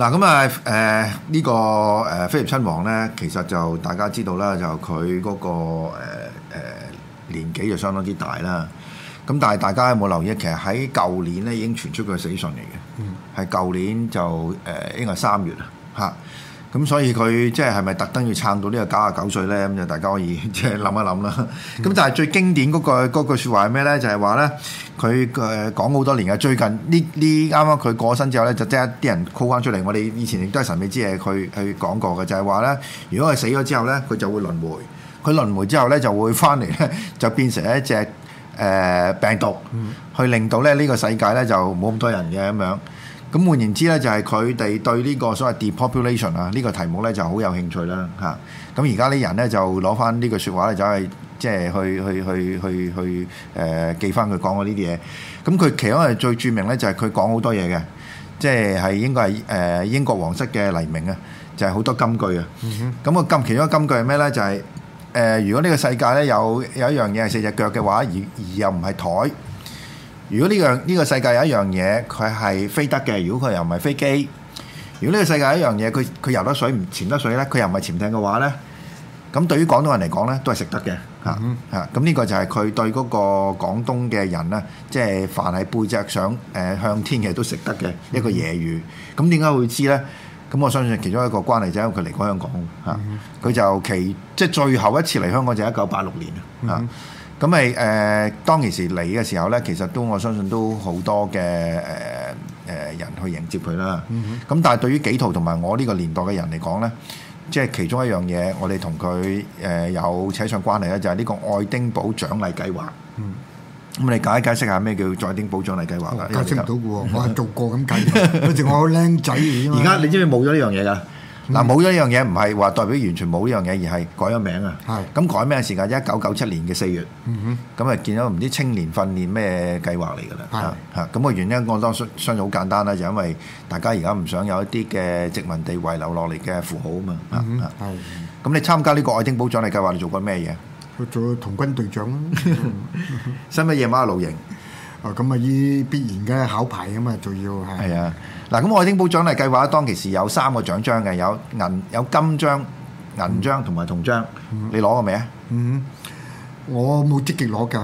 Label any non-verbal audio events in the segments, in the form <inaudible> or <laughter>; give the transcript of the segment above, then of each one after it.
嗱咁啊，誒、呃這個呃、呢個誒菲律親王咧，其實就大家知道啦，就佢嗰、那個誒、呃呃、年紀就相當之大啦。咁但係大家有冇留意？其實喺舊年咧已經傳出佢嘅死訊嚟嘅，係舊、嗯、年就誒應該係三月啊，嚇。咁所以佢即係係咪特登要撐到個呢個九十九歲咧？咁就大家可以即係諗一諗啦。咁但係最經典嗰、嗰個、句説話係咩咧？就係話咧，佢誒、呃、講好多年嘅。最近呢呢啱啱佢過身之後咧，就即一啲人 call 翻出嚟。我哋以前亦都係神秘之夜，佢佢講過嘅就係話咧，如果佢死咗之後咧，佢就會輪迴。佢輪迴之後咧，就會翻嚟咧，就變成一隻誒、呃、病毒，嗯、去令到咧呢個世界咧就冇咁多人嘅咁樣。咁換言之咧，就係佢哋對呢個所謂 depopulation 啊，呢個題目咧就好有興趣啦嚇。咁而家啲人咧就攞翻呢句説話咧，就係即係去去去去去誒、呃、記翻佢講過呢啲嘢。咁佢其中係最著名咧、呃，就係佢講好多嘢嘅，即係係應該係誒英國皇室嘅黎明啊，就係好多金句啊。咁、嗯、哼個金其中一金句係咩咧？就係、是、誒、呃，如果呢個世界咧有有一樣嘢係四隻腳嘅話，而而又唔係枱。如果呢樣呢個世界有一樣嘢，佢係飛得嘅；如果佢又唔係飛機，如果呢個世界有一樣嘢，佢佢游得水唔潛得水呢，佢又唔係潛艇嘅話呢。咁對於廣東人嚟講呢，都係食得嘅嚇嚇。咁呢、嗯嗯啊、個就係佢對嗰個廣東嘅人呢，即係凡係背脊上誒、呃、向天嘅都食得嘅、嗯嗯、一個野魚。咁點解會知呢？咁我相信其中一個關係就係佢嚟過香港嚇，佢、啊、就其即係最後一次嚟香港就係一九八六年啊。嗯咁咪誒當其時嚟嘅時候咧，其實都我相信都好多嘅誒誒人去迎接佢啦。咁但係對於紀陶同埋我呢個年代嘅人嚟講咧，即係其中一樣嘢，我哋同佢誒有扯上關係咧，就係呢個愛丁堡獎勵計劃。咁你解解釋下咩叫愛丁堡獎勵計劃啊？解釋唔到嘅喎，我係做過咁解，好似我個僆仔而家。而家你知唔知冇咗呢樣嘢㗎？嗱冇咗呢樣嘢唔係話代表完全冇呢樣嘢，而係改咗名啊！係咁的改名嘅時間，一九九七年嘅四月，咁啊、嗯、哼見到唔知青年訓練咩計劃嚟㗎啦！嚇咁個原因，我相當相相對好簡單啦，就因為大家而家唔想有一啲嘅殖民地遺留落嚟嘅符號啊嘛！係咁、嗯哼，的你參加呢個愛丁堡獎勵計劃，你做過咩嘢？我做童軍隊長，深夜 <laughs> 夜晚嘅露營。哦，咁啊，依必然嘅考牌咁嘛，仲要係。係啊，嗱，咁我愛丁堡獎勵計劃當其時有三個獎章嘅，有銀有金章、銀章同埋銅章。銅章嗯、你攞過未啊？嗯，我冇積極攞噶，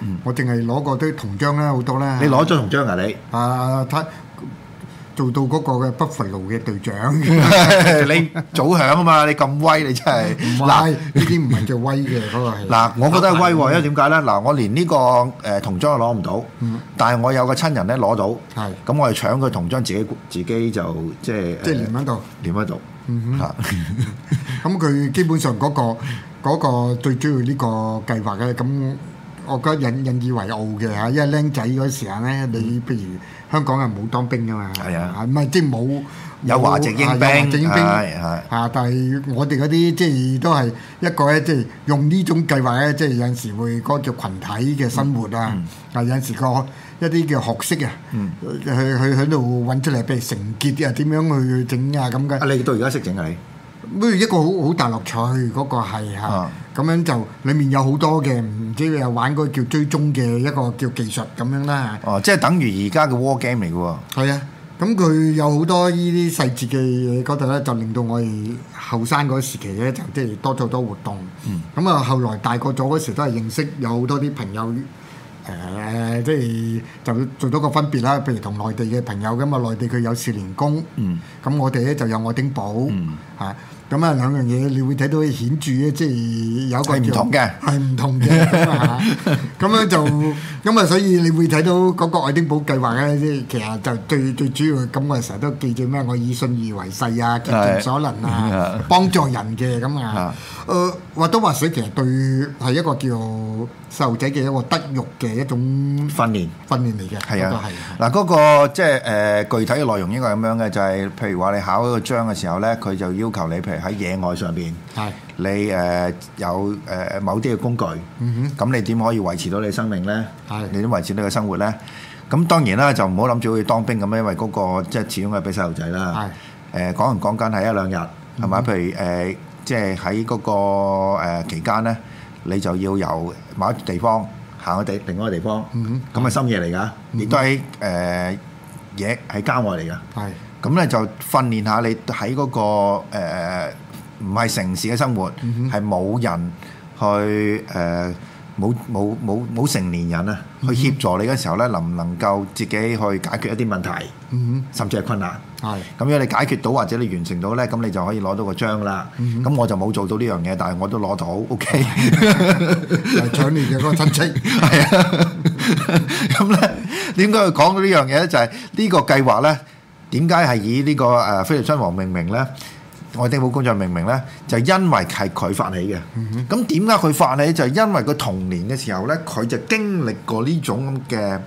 嗯、我淨係攞過啲銅章啦，好多啦。你攞咗銅章啊？你啊，睇。做到嗰個嘅北肥路嘅隊長，你早響啊嘛！你咁威，你真係嗱，呢啲唔係叫威嘅嗰個。嗱，我覺得威喎，因為點解咧？嗱，我連呢個誒銅章都攞唔到，但係我有個親人咧攞到，咁我係搶佢銅章，自己自己就即係即係黏返到，黏返到。嗯哼，咁佢基本上嗰個嗰個最主要呢個計劃嘅咁。我覺得引引以為傲嘅嚇，因為僆仔嗰時陣咧，你譬如香港人冇當兵噶嘛，係啊的，唔係即係冇有，有華籍英兵，啊、正英兵係係啊，但係我哋嗰啲即係都係一個咧，即係用呢種計劃咧，即係有陣時會嗰個叫羣體嘅生活啊，啊、嗯嗯、有陣時個一啲叫學識啊、嗯，去去喺度揾出嚟，譬如成結啲啊，點樣去整啊咁嘅。你到而家識整啊你？不如一個好好大樂趣係，嗰個係嚇，咁樣就裡面有好多嘅，唔知你又玩嗰個叫追蹤嘅一個叫技術咁樣啦哦、啊，即係等於而家嘅 war game 嚟嘅喎。係啊，咁佢有好多呢啲細節嘅嘢嗰度咧，就令到我哋後生嗰時期咧，就即係多咗多活動。咁啊、嗯，後來大個咗嗰時都係認識有好多啲朋友。誒、呃、即係就做多個分別啦，譬如同內地嘅朋友咁嘛，內地佢有少年宮，咁、嗯、我哋咧就有愛丁堡嚇。嗯啊咁啊兩樣嘢，你會睇到顯著嘅，即係有一個唔同嘅，係唔同嘅咁啊！咁樣就咁啊，所以你會睇到嗰個愛丁堡計劃咧，即係其實就最最主要咁，我成日都記住咩？我以信義為誓啊，竭盡所能啊，幫助人嘅咁啊。誒話、呃、都話曬，其實對係一個叫做細路仔嘅一個德育嘅一種訓練訓練嚟嘅，係啊，係嗱嗰個即係誒具體嘅內容應該係咁樣嘅，就係、是、譬如話你考嗰個章嘅時候咧，佢就要求你譬如。喺野外上邊，你誒有誒某啲嘅工具，咁你點可以維持到你生命咧？你點維持到個生活咧？咁當然啦，就唔好諗住好似當兵咁，因為嗰個即係始終係俾細路仔啦。誒講唔講緊係一兩日，係嘛？譬如誒，即係喺嗰個誒期間咧，你就要由某啲地方行去第另外一個地方，咁係深夜嚟噶，亦都喺誒野喺郊外嚟噶。咁咧就訓練下你喺嗰個誒唔係城市嘅生活，係冇人去誒冇冇冇冇成年人啊，去協助你嘅時候咧，能唔能夠自己去解決一啲問題，甚至係困難。係咁樣你解決到或者你完成到咧，咁你就可以攞到個章啦。咁我就冇做到呢樣嘢，但係我都攞到。O K，長年嘅嗰個親戚係啊。咁咧點解佢講到呢樣嘢咧？就係呢個計劃咧。點解係以呢個誒菲臘親王命名咧？愛丁堡公爵命名咧，就因為係佢發起嘅。咁點解佢發起，就係因為佢童年嘅時候咧，佢就經歷過呢種咁嘅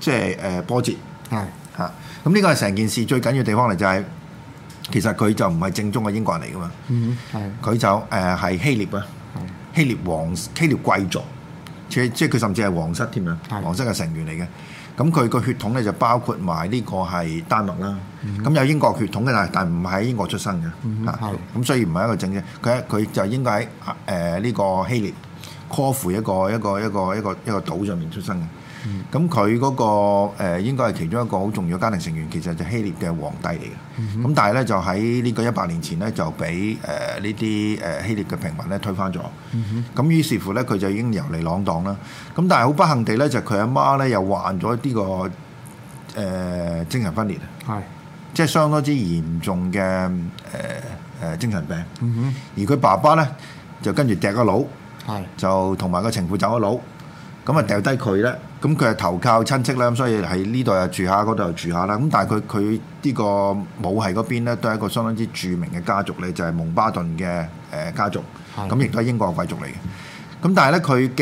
即係誒波折。係啊，咁呢個係成件事最緊要地方嚟，就係其實佢就唔係正宗嘅英國人嚟噶嘛。嗯，係。佢就誒係希臘啊，希臘王希臘貴族，且即係佢甚至係皇室添啊，皇室嘅成員嚟嘅。咁佢個血統咧就包括埋呢個係丹麥啦，咁、嗯、哼有英國血統嘅，但係唔喺英國出生嘅，嚇，咁所以唔係一個正嘅，佢佢就應該喺誒呢個希臘科孚一個一個一個一個一個島上面出生嘅。咁佢嗰個誒、呃、應該係其中一個好重要家庭成員，其實就係希臘嘅皇帝嚟嘅。咁、mm hmm. 但係咧就喺呢個一百年前咧就俾誒呢啲誒希臘嘅平民咧推翻咗。咁、mm hmm. 於是乎咧佢就已經遊離浪蕩啦。咁但係好不幸地咧就佢阿媽咧又患咗呢、呢個誒、呃、精神分裂啊，mm hmm. 係即係相當之嚴重嘅誒誒精神病。Mm hmm. 而佢爸爸咧就跟住掟個佬，係就同埋個情婦走咗佬，咁啊掉低佢咧。咁佢係投靠親戚啦，咁所以喺呢度又住下，嗰度又住下啦。咁但係佢佢呢個母係嗰邊咧，都係一個相當之著名嘅家族咧，就係、是、蒙巴頓嘅誒家族，咁亦都係英國貴族嚟嘅。咁但係咧，佢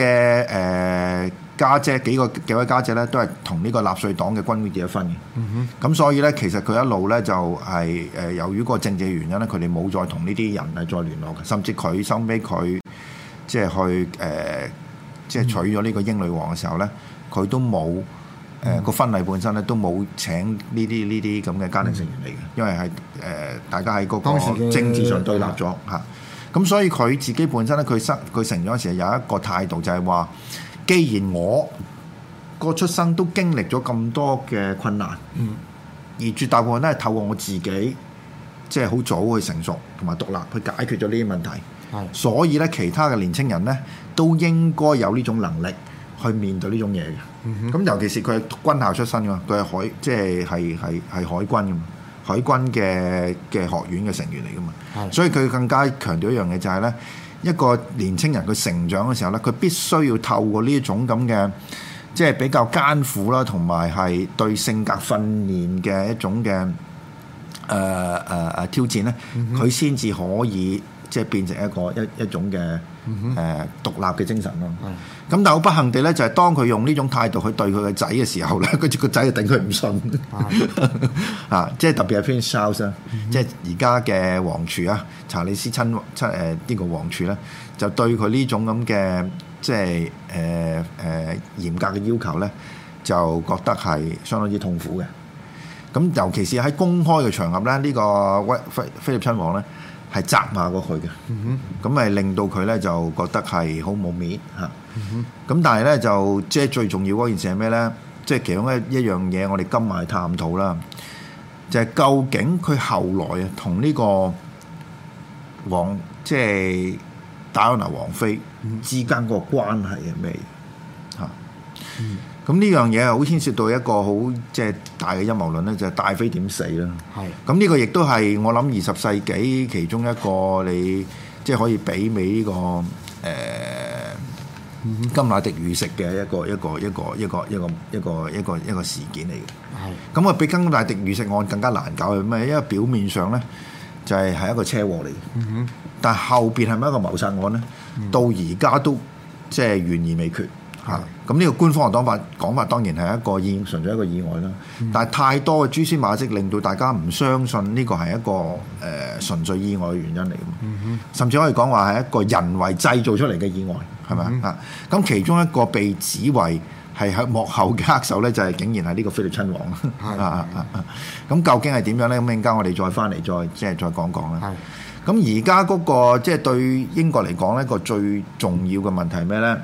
嘅誒家姐，姐幾個幾位家姐咧，都係同呢個納粹黨嘅軍官結咗婚嘅。咁、嗯、哼所以咧，其實佢一路咧就係、是、誒、呃、由於個政治原因咧，佢哋冇再同呢啲人係再聯絡，甚至佢收尾佢即係去誒。呃即係娶咗呢個英女王嘅時候呢，佢都冇誒、呃嗯、個婚禮本身咧都冇請呢啲呢啲咁嘅家庭成員嚟嘅，因為係誒、呃、大家喺嗰個政治上對立咗嚇，咁所以佢自己本身咧佢生佢成長嗰陣時候有一個態度就係話，既然我個出生都經歷咗咁多嘅困難，嗯、而絕大部分都係透過我自己，即係好早去成熟同埋獨立去解決咗呢啲問題，的所以咧其他嘅年青人呢，都應該有呢種能力去面對呢種嘢嘅。咁、mm hmm. 尤其是佢係軍校出身㗎嘛，佢係海即係係係係海軍㗎嘛，海軍嘅嘅學院嘅成員嚟㗎嘛。Mm hmm. 所以佢更加強調一樣嘢就係、是、呢：一個年青人佢成長嘅時候呢，佢必須要透過呢一種咁嘅即係比較艱苦啦，同埋係對性格訓練嘅一種嘅誒誒誒挑戰呢，佢先至可以。即係變成一個一一種嘅誒、呃、獨立嘅精神咯。咁、mm hmm. 但係好不幸地咧，就係、是、當佢用呢種態度去對佢嘅仔嘅時候咧，佢住個仔就頂佢唔順。Mm hmm. <laughs> 啊，即係特別係 Prince Charles 即係而家嘅王儲啊，查理斯親親誒呢個王儲咧，就對佢呢種咁嘅即係誒誒嚴格嘅要求咧，就覺得係相當之痛苦嘅。咁尤其是喺公開嘅場合咧，呢、這個威菲菲利親王咧，係責罵過佢嘅，咁咪令到佢咧就覺得係好冇面嚇。咁但係咧就即係最重要嗰件事係咩咧？即係其中一一樣嘢，我哋今晚去探討啦，就係究竟佢後來啊同呢個王即係戴安娜王妃之間嗰個關係係咩嘢嚇？咁呢樣嘢好牽涉到一個好即係大嘅陰謀論咧，就係、是、戴妃點死啦。係咁呢個亦都係我諗二十世紀其中一個你即係、就是、可以媲美呢、這個誒甘迺迪遇刺嘅一個一個一個一個一個一個一個，一個，一，個一個事件嚟嘅。係咁啊，比甘迺迪遇刺案更加難搞嘅咩？因為表面上咧就係、是、係一個車禍嚟嘅，嗯、哼 但後邊係咪一個謀殺案咧？嗯、哼 到而家都即係懸而未決。嚇！咁呢個官方嘅講法，講法當然係一個意純粹一個意外啦。但係太多嘅蛛絲馬跡，令到大家唔相信呢個係一個誒純粹意外嘅原因嚟。甚至可以講話係一個人為製造出嚟嘅意外，係咪啊？咁其中一個被指為係喺幕後嘅黑手呢，就係竟然係呢個菲臘親王。咁究竟係點樣呢？咁陣間我哋再翻嚟再即係再講講啦。咁而家嗰個即係對英國嚟講呢個最重要嘅問題係咩呢？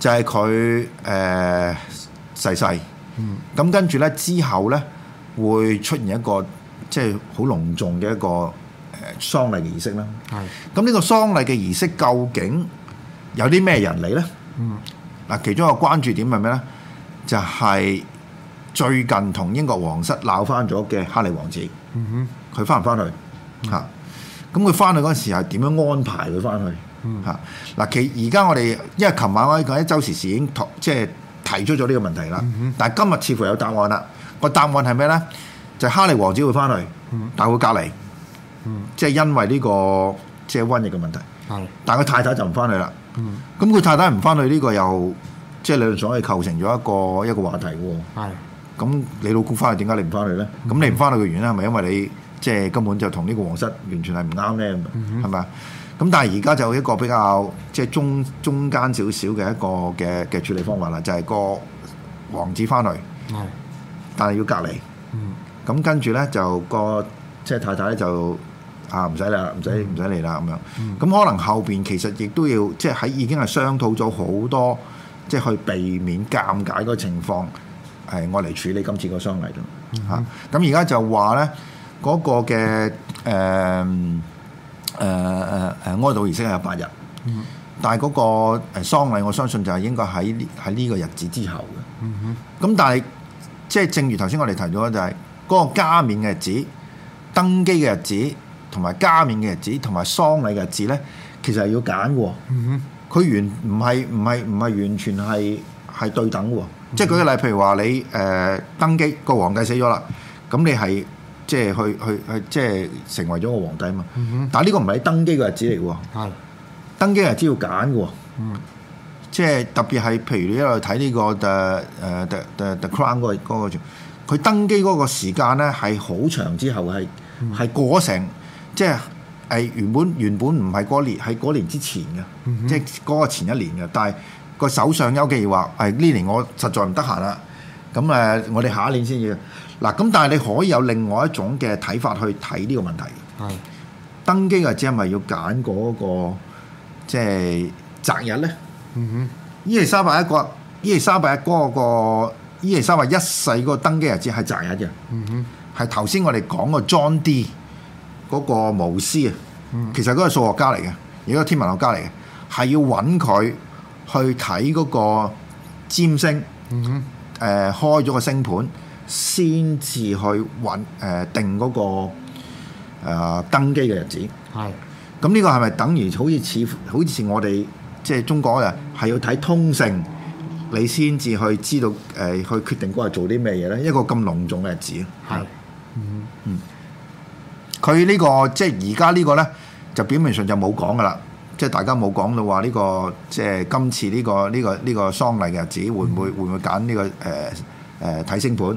就係佢誒逝世，咁、嗯、跟住咧之後咧會出現一個即係好隆重嘅一個誒、呃、喪禮儀式啦。係咁呢個喪禮嘅儀式究竟有啲咩人嚟咧、嗯？嗯，嗱其中一個關注點係咩咧？就係、是、最近同英國皇室鬧翻咗嘅哈利王子。哼、嗯，佢翻唔翻去嚇？咁佢翻去嗰陣時係點樣安排佢翻去？吓嗱，其而家我哋，因為琴晚我喺一周時事已經即係提出咗呢個問題啦。嗯嗯、但係今日似乎有答案啦。個答案係咩咧？就是、哈利王子會翻去，但係會隔離。即係、嗯、因為呢、這個即係、就是、瘟疫嘅問題。嗯、但係佢太太就唔翻去啦。咁佢、嗯、太太唔翻去呢、這個又即係、就是、理論上可以構成咗一個一個話題喎。係、嗯，咁你老公翻去點解你唔翻去咧？咁、嗯嗯、你唔翻去嘅原因係咪因為你即係、就是、根本就同呢個皇室完全係唔啱咧？係咪啊？咁但係而家就一個比較即係中中間少少嘅一個嘅嘅處理方法啦，就係個王子翻嚟，但係要隔離。咁跟住咧就個即係太太咧就啊唔使啦，唔使唔使嚟啦咁樣。咁可能後邊其實亦都要即係喺已經係商討咗好多，即係去避免尷尬嗰情況，係我嚟處理今次個商議啫。嚇！咁而家就話咧嗰個嘅誒。誒誒誒哀悼儀式係有八日，嗯、但係嗰個誒喪禮，我相信就係應該喺呢喺呢個日子之後嘅。咁、嗯、嗯哼但係即係正如頭先我哋提咗就係、是、嗰、那個加冕嘅日子、登基嘅日子、同埋加冕嘅日子同埋喪禮嘅日子咧，其實係要揀嘅。佢完唔係唔係唔係完全係係對等嘅，即係舉個例，譬如話你誒、呃、登基個皇帝死咗啦，咁你係。即係去去去，即係成為咗個皇帝啊嘛！但係呢個唔係登基嘅日子嚟嘅喎，的登基日子要揀嘅喎。嗯、即係特別係，譬如你一路睇呢個誒誒誒 The Crown 嗰、嗰個嗰佢登基嗰個時間咧係好長之後係係、嗯、過成，即係係原本原本唔係嗰年，係嗰年之前嘅，即係嗰個前一年嘅。但係個首相邱吉爾話係呢年我實在唔得閒啦，咁誒我哋下一年先要。嗱，咁但係你可以有另外一種嘅睇法去睇呢個問題。係登基日子係咪要揀嗰、嗰個即係擇日咧？嗯哼，伊利莎白一，伊利莎白一嗰個，伊利莎白一世個登基日子係擇日嘅。嗯哼，係頭先我哋講個 John Dee 嗰個巫師啊，嗯、哼其實嗰個數學家嚟嘅，亦都天文學家嚟嘅，係要揾佢去睇嗰個占星。嗯哼，誒、呃、開咗個星盤。先至去揾誒定嗰、那個、呃、登基嘅日子，係咁呢個係咪等於好似似好似我哋即係中國人係要睇通勝，你先至去知道誒、呃、去決定嗰日做啲咩嘢咧？一個咁隆重嘅日子，係是的 嗯佢、嗯這個、呢個即係而家呢個咧，就表面上就冇講噶啦，即係大家冇講到話、這、呢個即係今次呢、這個呢、這個呢、這個這個喪禮嘅日子會唔會、嗯、會唔會揀呢、這個誒？呃誒睇升盤，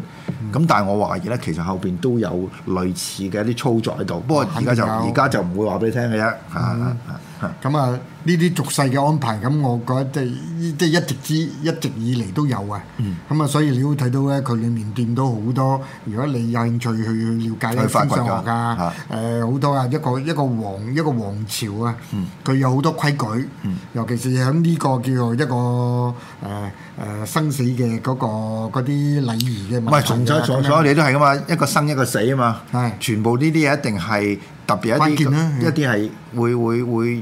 咁但係我懷疑咧，其實後邊都有類似嘅一啲操作喺度。不過而家就而家就唔會話俾你聽嘅啫。嚇嚇嚇，咁啊、嗯、～是、嗯呢啲俗世嘅安排，咁我覺得即係，即係一直之一直以嚟都有啊。咁啊，所以你會睇到咧，佢裡面掂到好多。如果你有興趣去去了解咧，封相學啊，誒好多啊，一個一個皇一個皇朝啊，佢有好多規矩，尤其是喺呢個叫做一個誒誒生死嘅嗰個嗰啲禮儀嘅。唔係，從左從左，你都係噶嘛，一個生一個死啊嘛，係全部呢啲嘢一定係特別一啲，一啲係會會會。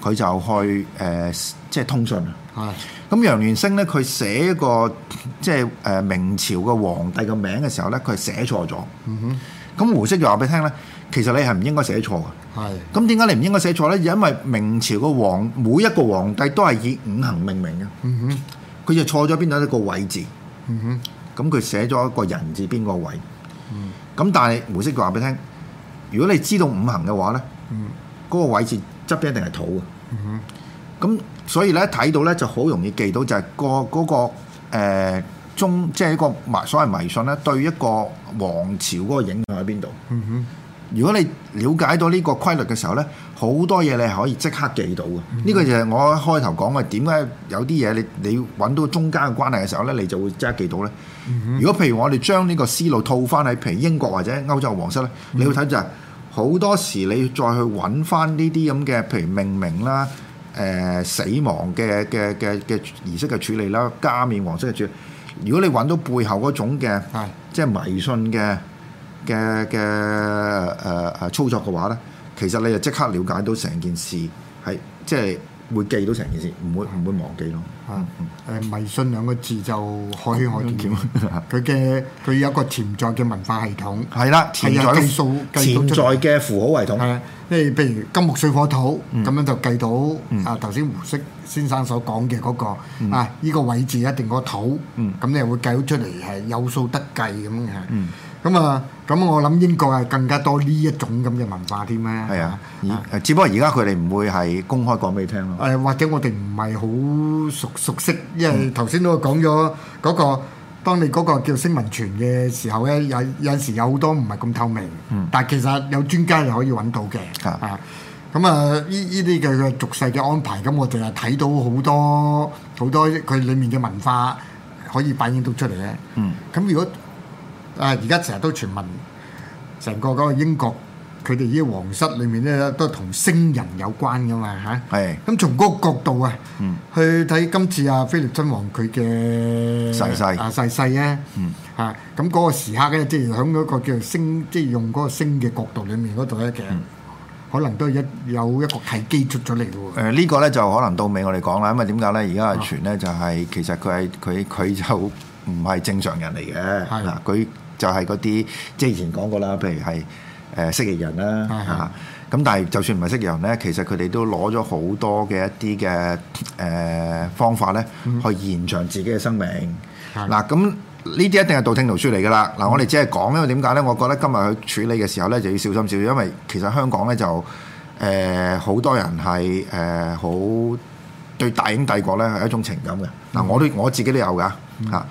佢就去誒，即係通訊啊。係。咁楊聯升咧，佢寫一個即係誒明朝嘅皇帝嘅名嘅時候咧，佢係寫錯咗。嗯哼。咁胡適就話俾你聽咧，其實你係唔應該寫錯嘅。係。咁點解你唔應該寫錯咧？因為明朝嘅皇每一個皇帝都係以五行命名嘅。嗯哼。佢就錯咗邊度咧？一個位字。嗯哼。咁佢寫咗一個人字邊個位？嗯。咁但係胡適就話俾你聽，如果你知道五行嘅話咧，嗯。嗰個位字。執一定係土啊！咁、嗯、哼所以咧睇到咧就好容易記到就、嗰個嗰個呃，就係個嗰個中，即係一個迷所謂迷信咧，對一個王朝嗰個影響喺邊度？嗯、哼，如果你了解到呢個規律嘅時候咧，好多嘢你係可以即刻記到嘅。呢、嗯、哼個就係我開頭講嘅，點解有啲嘢你你揾到中間嘅關係嘅時候咧，你就會即刻記到咧。嗯、哼如果譬如我哋將呢個思路套翻喺譬如英國或者歐洲皇室咧，你要睇就係、係。好多時你再去揾翻呢啲咁嘅，譬如命名啦、誒、呃、死亡嘅嘅嘅嘅儀式嘅處理啦、加冕黃色嘅處理，如果你揾到背後嗰種嘅，即係迷信嘅嘅嘅誒誒操作嘅話咧，其實你就即刻了解到成件事係即係。會記到成件事，唔會唔會忘記咯。嗯，誒迷信兩個字就可圈可點。佢嘅佢有一個潛在嘅文化系統，係啦，係有數計到出。潛在嘅符號系統，誒，即係譬如金木水火土，咁樣就計到。啊，頭先胡適先生所講嘅嗰個啊，依個位置，一定個土，咁你又會計到出嚟係有數得計咁嘅。嗯。咁啊，咁我諗英國係更加多呢一種咁嘅文化添咧。係啊，只不過而家佢哋唔會係公開講俾你聽咯。誒、啊，或者我哋唔係好熟熟悉，因為頭先都講咗嗰個，嗯、當你嗰個叫聲聞傳嘅時候咧，有有陣時有好多唔係咁透明。嗯、但係其實有專家就可以揾到嘅。嗯、啊。咁啊，呢呢啲嘅嘅俗世嘅安排，咁我淨係睇到好多好多佢裡面嘅文化可以反映到出嚟嘅。嗯。咁如果啊！而家成日都傳聞，成個嗰個英國，佢哋依啲皇室裏面咧都同星人有關噶嘛嚇？係。咁從嗰個角度啊，去睇今次阿菲臘親王佢嘅逝世啊逝世咧，嚇，咁嗰個時刻咧，即係響嗰個叫星，即係用嗰個星嘅角度裏面嗰度咧嘅，可能都一有一個契機出咗嚟嘅喎。誒呢個咧就可能到尾我哋講啦，因為點解咧？而家係傳咧就係其實佢係佢佢就唔係正常人嚟嘅。係啦，佢。就係嗰啲，即係以前講過啦，譬如係誒蜥蜴人啦嚇，咁、嗯啊、但係就算唔係蜥蜴人咧，其實佢哋都攞咗好多嘅一啲嘅誒方法咧，去延長自己嘅生命。嗱、嗯，咁呢啲一定係道聽途說嚟噶啦。嗱、啊，我哋只係講，因為點解咧？我覺得今日去處理嘅時候咧，就要小心少少，因為其實香港咧就誒好、呃、多人係誒好對大英帝國咧係一種情感嘅。嗱、嗯嗯，我都我自己都有噶嚇，誒、啊、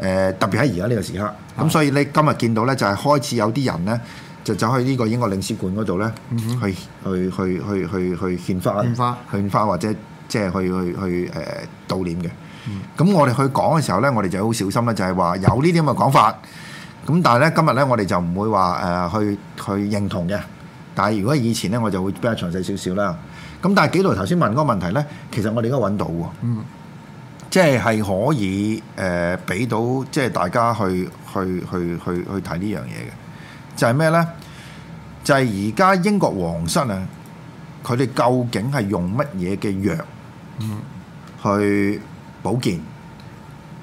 特別喺而家呢個時刻。咁所以咧，今日見到咧，就係、是、開始有啲人咧，就走去呢個英國領事館嗰度咧，去去去去去去獻花、獻花或者即係去去去誒悼念嘅。咁、嗯、我哋去講嘅時候咧，我哋就好小心啦，就係話有呢啲咁嘅講法。咁但係咧，今日咧，我哋就唔會話誒、呃、去去認同嘅。但係如果以前咧，我就會比較詳細少少啦。咁但係紀陶頭先問嗰個問題咧，其實我哋而家揾到喎。嗯。即係係可以誒，俾，呃、到即係大家去去去去去睇呢樣嘢嘅，就係咩咧？就係而家英國皇室啊，佢哋究竟係用乜嘢嘅藥去保健，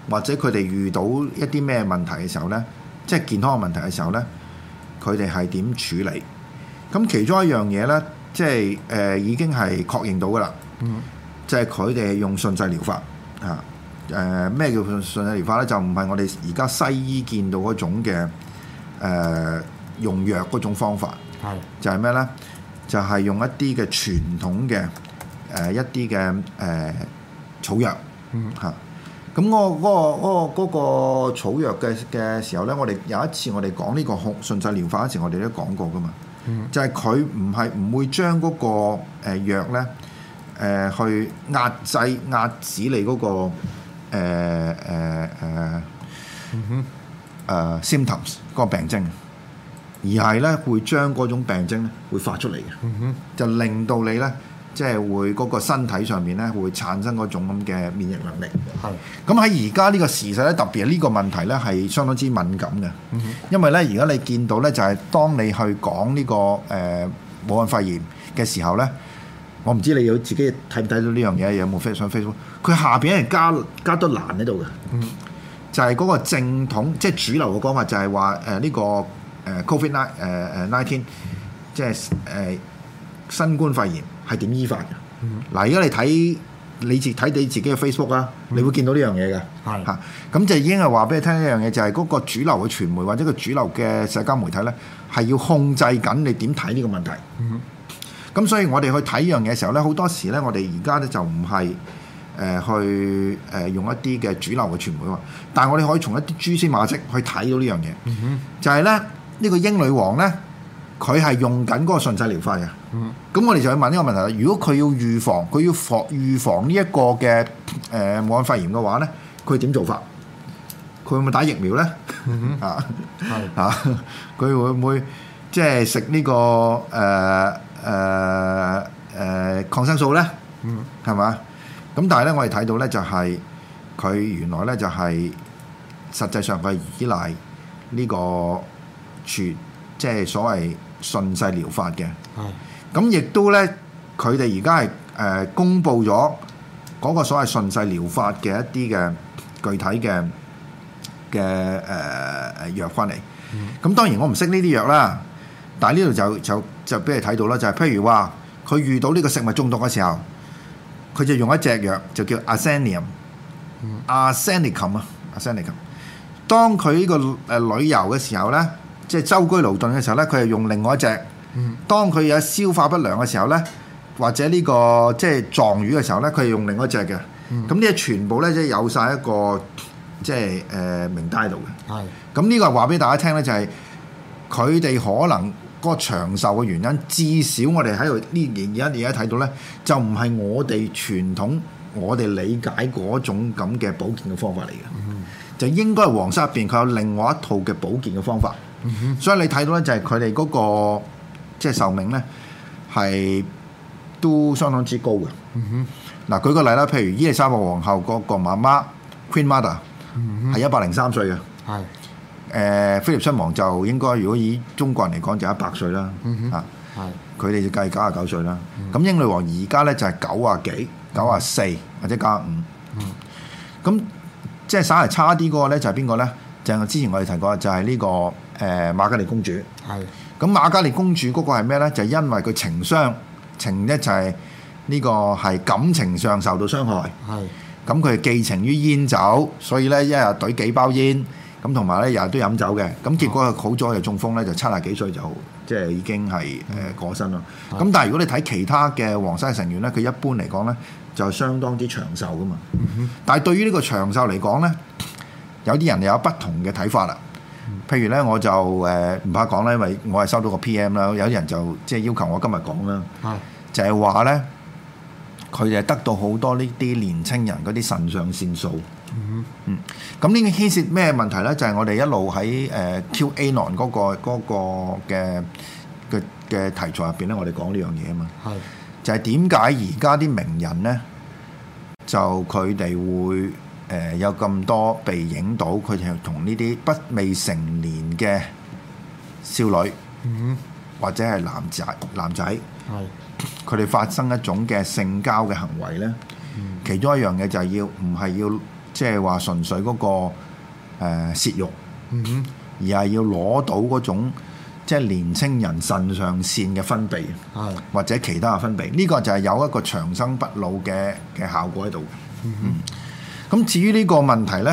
或者佢哋遇到一啲咩問題嘅時候咧，即係健康嘅問題嘅時候咧，佢哋係點處理？咁其中一樣嘢咧，即係誒、呃、已經係確認到噶啦，嗯，就係佢哋用順勢療法。啊誒咩叫順勢療法咧？就唔係我哋而家西醫見到嗰種嘅誒、呃、用藥嗰種方法，係是的 就係咩咧？就係、是、用一啲嘅傳統嘅誒、呃、一啲嘅誒草藥，嗯咁、啊、我、嗰個嗰、嗰個嗰個草藥嘅嘅時候咧，我哋有一次我哋講呢個康順勢療法嗰時，我哋都講過㗎嘛，嗯、就係佢唔係唔會將嗰個誒藥咧。誒、呃、去壓制壓止你嗰、那個誒誒、呃、誒、呃呃、symptoms 嗰個病徵，而係咧會將嗰種病徵咧會發出嚟嘅，嗯、哼，就令到你咧即係會嗰個身體上面咧會產生嗰種咁嘅免疫能力。係的，咁喺而家呢個時勢咧，特別係呢個問題咧係相當之敏感嘅，因為咧而家你見到咧就係、是、當你去講呢、這個誒武漢肺炎嘅時候咧。我唔知你有自己睇唔睇到呢樣嘢，有冇 face Facebook？佢下邊係加加多欄喺度嘅。嗯、就係嗰個正統，即、就、係、是、主流嘅講法就，呃 COVID、19，就係話誒呢個誒 COVID-1 誒誒19，即係誒新冠肺炎係點醫法嘅。嗱、嗯，而家你睇你自睇你自己嘅 Facebook 啊，你，book，嗯、你會見到呢樣嘢嘅。係咁是的、啊、就已經係話俾你聽一樣嘢，就係、是、嗰個主流嘅傳媒或者個主流嘅社交媒體咧，係要控制緊你點睇呢個問題。嗯咁所以，我哋去睇呢樣嘢嘅時候咧，好多時咧，我哋而家咧就唔係誒去誒用一啲嘅主流嘅傳媒但係我哋可以從一啲蛛絲馬跡去睇到、嗯、哼呢樣嘢，就係咧呢個英女王咧，佢係用緊嗰個順勢療法嘅。咁、嗯、哼我哋就去問呢個問題：，如果佢要預防，佢要防預防呢一個嘅誒、呃、無岸肺炎嘅話咧，佢點做法？佢會唔會打疫苗咧？嗯、哼 <laughs> 啊，係 <laughs> <laughs> 啊，佢會唔會即係食呢個誒？呃誒誒，抗、uh, uh, 生素咧，係嘛、mm.？咁但係咧，我哋睇到咧，就係佢原來咧，就係實際上佢係依賴呢個全，即係所謂順勢療法嘅。咁亦都咧，佢哋而家係誒公布咗嗰個所謂順勢療法嘅一啲嘅具體嘅嘅誒藥翻嚟。咁、呃 mm. 當然，我唔識呢啲藥啦。但係呢度就就就俾你睇到啦，就係、就是、譬如話佢遇到呢個食物中毒嘅時候，佢就用一隻藥就叫 arsenicum，arsenicum 啊 arsenicum 當佢呢個誒旅遊嘅時候咧，即、就、係、是、周居勞頓嘅時候咧，佢係用另外一隻。嗯、當佢有消化不良嘅時候咧，或者呢、這個即係、就是、撞魚嘅時候咧，佢係用另外一隻嘅。咁呢啲全部咧即係有晒一個即係誒名單度嘅。係、嗯。咁呢個話俾大家聽、就、咧、是，就係佢哋可能。個長壽嘅原因，至少我哋喺度呢件嘢而家睇到咧，就唔係我哋傳統、我哋理解嗰種咁嘅保健嘅方法嚟嘅。嗯、哼就應該係皇室入邊佢有另外一套嘅保健嘅方法，嗯、哼所以你睇到咧就係佢哋嗰個即係、就是、壽命咧係都相當之高嘅。嗱、嗯哼，舉個例啦，譬如伊利莎白皇后個個媽媽 Queen Mother 係一百零三歲嘅。係。誒，菲臘親王就應該，如果以中國人嚟講，就一百歲啦。啊、嗯，係佢哋就計九十九歲啦。咁、嗯、英女王而家咧就係九啊幾、九啊四或者九啊五。咁、嗯、即係稍為差啲嗰個咧就係邊個咧？就係、是就是、之前我哋提過就、這個，就係呢個誒瑪嘉烈公主。係是。咁瑪嘉烈公主嗰個係咩咧？就是、因為佢情傷，情咧就係呢個係、這個、感情上受到傷害。係。咁佢寄情於煙酒，所以咧一日懟幾包煙。咁同埋咧，日日都飲酒嘅，咁結果好早就中風咧，就七十幾歲就即係已經係誒過身咯。咁但係如果你睇其他嘅皇室成員咧，佢一般嚟講咧就相當之長壽噶嘛。但係對於呢個長壽嚟講咧，有啲人又有不同嘅睇法啦。譬如咧，我就誒唔怕講咧，因為我係收到個 PM 啦，有啲人就即係要求我今日講啦，就係話咧佢哋得到好多呢啲年青人嗰啲腎上腺素。嗯嗯，咁呢個牽涉咩問題咧？就係我哋一路喺誒 Q&A 嗰個嗰個嘅嘅嘅題材入邊咧，我哋講呢樣嘢啊嘛。係，就係點解而家啲名人咧，就佢哋會誒有咁多被影到佢哋同呢啲不未成年嘅少女，嗯，或者係男仔男仔，係，佢哋發生一種嘅性交嘅行為咧。其中一樣嘢就係要唔係要？即係話純粹嗰，那個誒洩慾，呃 mm hmm. 而係要攞到嗰種即係年青人腎上腺嘅分泌，mm hmm. 或者其他嘅分泌。呢，這個就係有一個長生不老嘅嘅效果喺度。咁，mm hmm. 嗯，至於呢個問題呢，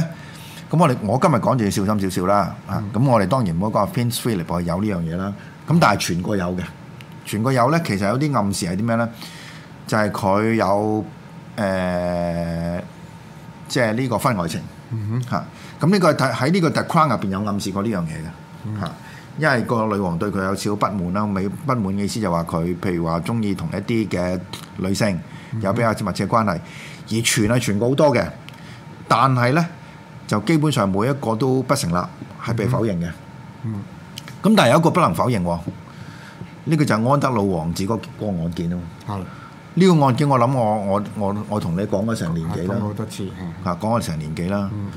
咁我哋我今日講就要小心少少啦。咁，mm hmm. 啊，我哋當然唔好講 Prince Philip 有呢樣嘢啦。咁但係全國有嘅，全國有呢，其實有啲暗示係啲咩呢？就係，是，佢有誒。呃即係呢個婚外情嚇，咁呢、嗯哼啊呢個喺呢個特框架入邊有暗示過呢樣嘢嘅嚇，因為個女王對佢有少少不滿啦，美不滿意思就話佢，譬如話中意同一啲嘅女性有比較密切關係，而傳係傳過好多嘅，但係咧就基本上每一個都不成立，係被否認嘅。咁但係有一個不能否認喎，呢、啊呢個就係安德魯王子嗰個案件咯。嗯呢個案件我諗我我我我同你講咗成年幾啦，講咗好多次，啊講咗成年幾啦、嗯嗯嗯，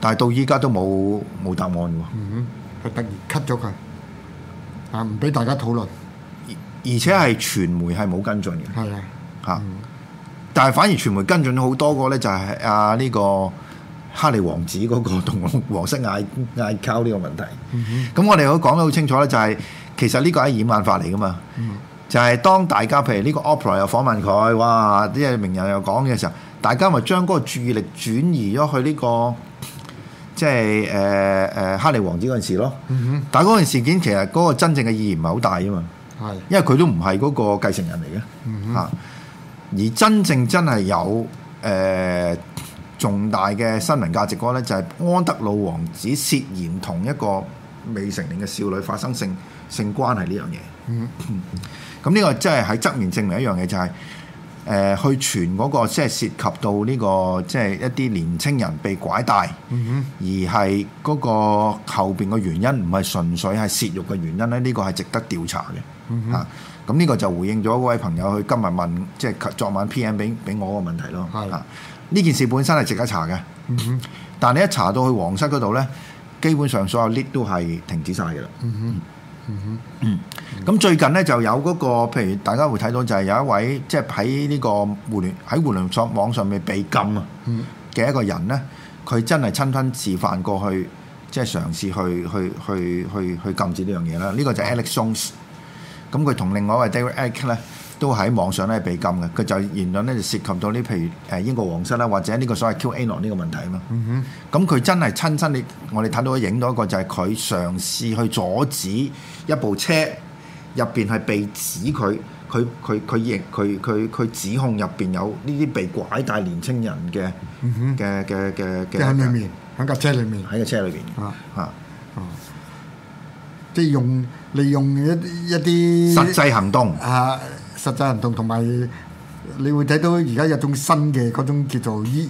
但係到依家都冇冇答案喎，佢突然 cut 咗佢，啊唔俾大家討論，而且係傳媒係冇跟進嘅，係啊，嚇、嗯，但係反而傳媒跟進咗好多個咧，就係阿呢個哈利王子嗰個同王室嗌嗌交呢個問題，咁、嗯嗯、我哋都講得好清楚咧、就是，就係其實呢個係掩眼法嚟噶嘛。嗯就係當大家譬如呢個 Oprah 又訪問佢，哇！啲嘢名人又講嘅時候，大家咪將嗰個注意力轉移咗去呢、這個即係誒誒哈利王子嗰陣時咯。嗯、哼但係嗰件事件其實嗰個真正嘅意義唔係好大啊嘛。係，因為佢都唔係嗰個繼承人嚟嘅。嗯哼、啊、而真正真係有誒、呃、重大嘅新聞價值觀咧，就係、是、安德魯王子涉嫌同一個未成年嘅少女發生性性關係呢樣嘢。嗯咁呢個即係喺側面證明一樣嘢，就係、是、誒、呃、去傳嗰、那個即係涉及到呢、這個即係一啲年青人被拐帶，嗯、哼而係嗰個後邊嘅原因唔係純粹係洩慾嘅原因咧，呢、這個係值得調查嘅嚇。咁呢、嗯哼啊這個就回應咗一位朋友去今日問，即係昨晚 PM 俾俾我個問題咯。係啊，呢的件事本身係值得查嘅，嗯、哼但你一查到去皇室嗰度咧，基本上所有 lead 都係停止晒嘅啦。嗯嗯哼，嗯，咁、嗯、最近咧就有嗰、那個，譬如大家會睇到就係有一位，即係喺呢個互聯喺互聯網上面被禁啊嘅一個人咧，佢、嗯、真係親身示範過去，即、就、係、是、嘗試去去去去去禁止呢樣嘢啦。呢、這個就係 Alex Jones。咁佢同另外一位 David Icke 咧，都喺網上咧被禁嘅。佢就言論咧就涉及到呢，譬如誒英國皇室啦、啊，或者呢個所謂 QAnon 呢個問題啊嘛。咁佢、嗯、哼真係親身你，我哋睇到佢影到一個就係佢嘗試去阻止一部車入邊，係被指佢佢佢佢認佢佢佢指控入邊有呢啲被拐帶年青人嘅嘅嘅嘅嘅。喺裏面，喺架、嗯、哼車裏面，喺架車裏邊啊啊即係用。利用一一啲實際行動啊，實際行動同埋你會睇到而家有種新嘅嗰種叫做醫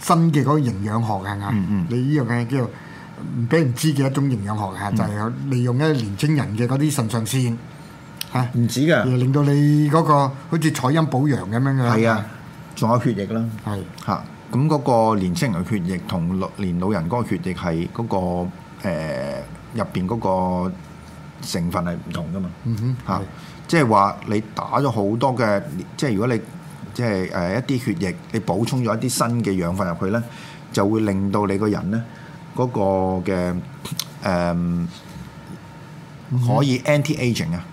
新嘅嗰個營養學啊嘛，嗯嗯、你呢樣嘢叫唔俾人知嘅一種營養學啊，嗯、就係利用一年青人嘅嗰啲腎上腺嚇，唔、啊、止㗎，令到你嗰、嗰個好似採陰補陽咁樣嘅，係啊，仲有血液啦，係嚇的，咁嗰、啊、個年青人嘅血液同年老人嗰個血液係嗰個入邊嗰個。呃成分係唔同噶嘛，嚇、mm，即係話你打咗好多嘅，即、就、係、是、如果你即係誒一啲血液，你補充咗一啲新嘅養分入去咧，就會令到你個人咧嗰、那個嘅誒、呃 mm hmm. 可以 anti aging 啊，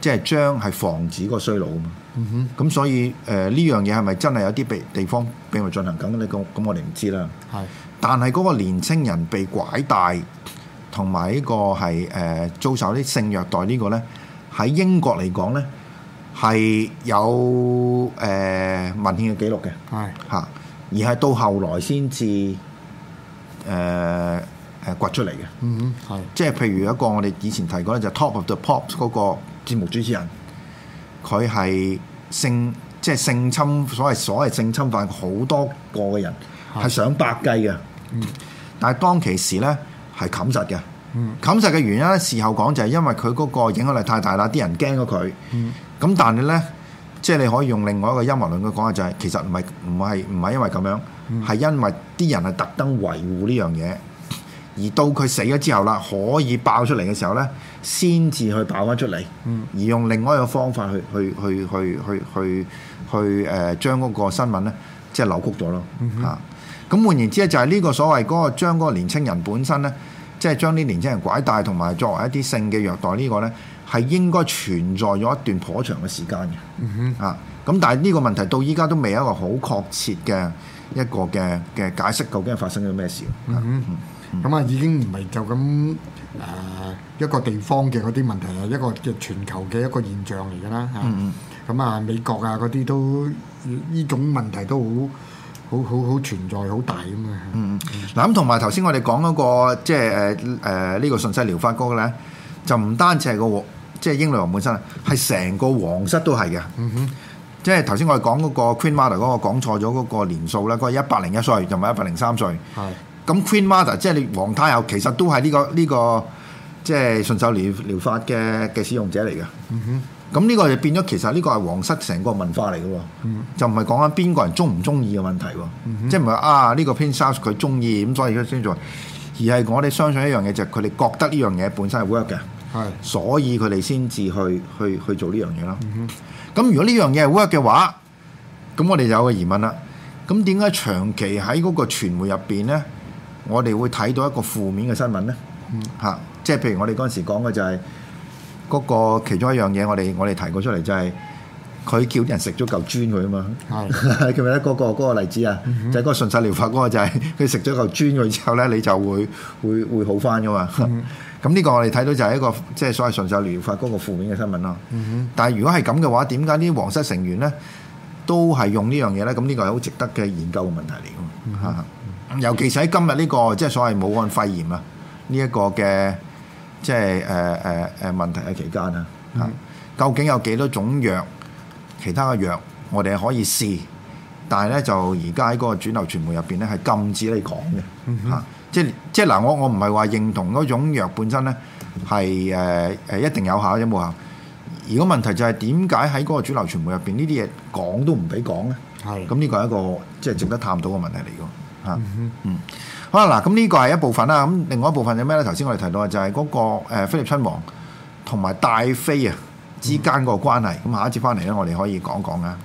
即係將係防止個衰老啊嘛，哼、mm，咁、hmm. 所以誒呢、呃、樣嘢係咪真係有啲地地方秘密進行緊咧？咁咁我哋唔知啦。係、mm，hmm. 但係嗰個年青人被拐帶。同埋呢個係誒遭受啲性虐待個呢個咧，喺英國嚟講咧係有誒、呃、文獻嘅記錄嘅，係嚇，而係到後來先至誒誒掘出嚟嘅。嗯哼，係即係譬如一個我哋以前提過咧，就是、Top of the Pops 嗰個節目主持人，佢係性即係性侵，所謂所謂性侵犯好多個嘅人係上百計嘅。是的 嗯但，但係當其時咧。係冚實嘅，冚實嘅原因，事後講就係因為佢嗰個影響力太大啦，啲人驚咗佢。咁、嗯、但係咧，即係你可以用另外一個陰謀論去講下、就係，就係其實唔係唔係唔係因為咁樣，係、嗯、因為啲人係特登維護呢樣嘢，而到佢死咗之後啦，可以爆出嚟嘅時候咧，先至去爆翻出嚟，嗯、而用另外一個方法去去去去去去去誒，將、呃、嗰個新聞咧即係扭曲咗咯，吓、嗯。咁換言之咧，就係呢個所謂嗰個將嗰個年青人本身咧，即係將啲年青人拐帶同埋作為一啲性嘅虐待呢個咧，係應該存在咗一段頗長嘅時間嘅。嗯哼。啊，咁但係呢個問題到依家都未有一個好確切嘅一個嘅嘅解釋，究竟係發生咗咩事？咁啊、嗯哼，嗯、已經唔係就咁誒、呃、一個地方嘅嗰啲問題，係一個嘅全球嘅一個現象嚟㗎啦。啊、嗯咁哼啊，美國啊嗰啲都呢種問題都好。好好好存在好大咁樣！嗯嗯，嗱咁同埋頭先我哋講嗰個即係誒誒呢個順勢療法嗰咧，就唔單止係個王，即係英女王本身啊，係成個皇室都係嘅。嗯哼，即係頭先我哋講嗰個 Queen Mother 嗰個講錯咗嗰個年數啦，佢一百零一歲，就唔係一百零三歲。係咁，Queen Mother 即係你皇太后，其實都係呢個呢個即係順手療療法嘅嘅使用者嚟嘅。嗯哼。咁呢個就變咗，其實呢個係皇室成個文化嚟嘅、啊，嗯、就唔係講緊邊個人鍾唔鍾意嘅問題，即係唔係啊？呢、嗯哼啊呢個 pinch house 佢鍾意，咁所以佢先做，而係我哋相信一樣嘢就係佢哋覺得呢樣嘢本身係 work 嘅，係是，所以佢哋先至去去去做呢樣嘢咯。咁、嗯、哼如果呢樣嘢係 work 嘅話，咁我哋就有個疑問啦。咁點解長期喺嗰個傳媒入邊咧，我哋會睇到一個負面嘅新聞咧？嚇、嗯啊，即係譬如我哋嗰陣時講嘅就係、是。嗰個其中一樣嘢，我哋我哋提過出嚟就係佢叫人食咗嚿磚佢啊嘛是的、 <laughs> 那個，叫咪？咧？嗰個例子啊，嗯、哼 就係嗰個順勢療法嗰個就係佢食咗嚿磚佢之後咧，你就會會會好翻噶嘛。咁呢個我哋睇到就係一個即係、就是、所謂順勢療法嗰個負面嘅新聞咯。嗯、哼 但係如果係咁嘅話，點解啲皇室成員咧都係用呢樣嘢咧？咁呢個係好值得嘅研究嘅問題嚟嘅。尤其是喺今日呢、這個即係、就是、所謂武漢肺炎啊，呢、這、一個嘅。即係誒誒誒問題嘅期間啦、啊，究竟有幾多種藥？其他嘅藥我哋可以試，但係咧就而家喺嗰個主流傳媒入邊咧係禁止你講嘅，嚇、啊、即即嗱、呃、我我唔係話認同嗰種藥本身咧係誒誒一定有效，有冇效！如果問題就係點解喺嗰個主流傳媒入邊呢啲嘢講都唔俾講咧？係咁呢個係一個、嗯、即係值得探討嘅問題嚟嘅嚇。嗯。啊嗱，咁呢、呢個係一部分啦，咁另外一部分有咩咧？頭先我哋提到嘅就係嗰個菲臘親王同埋戴妃啊之間個關係。咁下一節翻嚟咧，我哋可以講講啊。